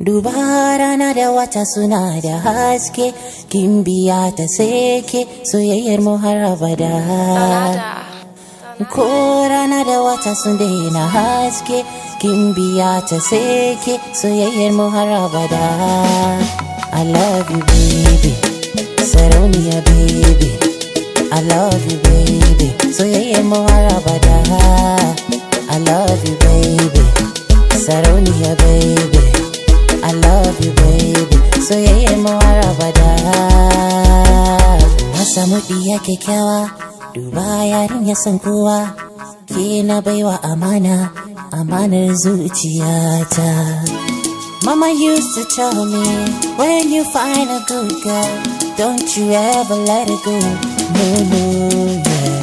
Dubara na da wata suna da haske, kin biya ta seke soyayyar mu har abada. Ko rana da wata sun daina haske, kin biya ta seke soyayyar mu har abada. I love you baby, sarauniya baby. I love you baby, soyayyar mu har abada. I love you baby, sarauniya baby. I love you, baby. So yeah, yeah, mawara bada. Masa mudi yake kyawa, duba yarin ya san kowa. Ke na baiwa amana, amanar zuciyata. Mama used to tell me, when you find a good girl, don't you ever let it go. No, no, yeah.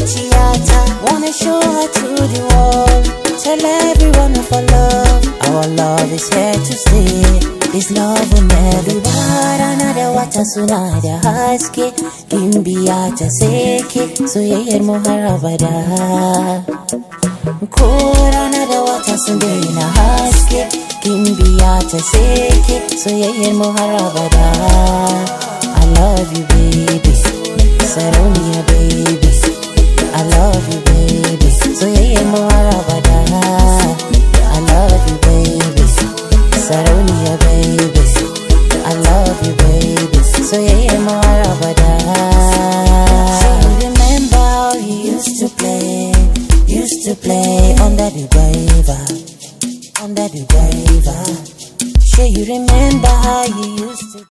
zuciyata Wanna show her to the world Tell everyone of our love Our love is here to stay This love will never na da wata suna da haske Gimbiya ta seke Soyayyar mu har abada Ko na da wata sun daina haske Gimbiya ta seke Soyayyar mu har abada Sarauniya babies I love you babies So yeah, Marabada So you remember how he used to play Used to play under the driver Under the driver Sure you remember how you used to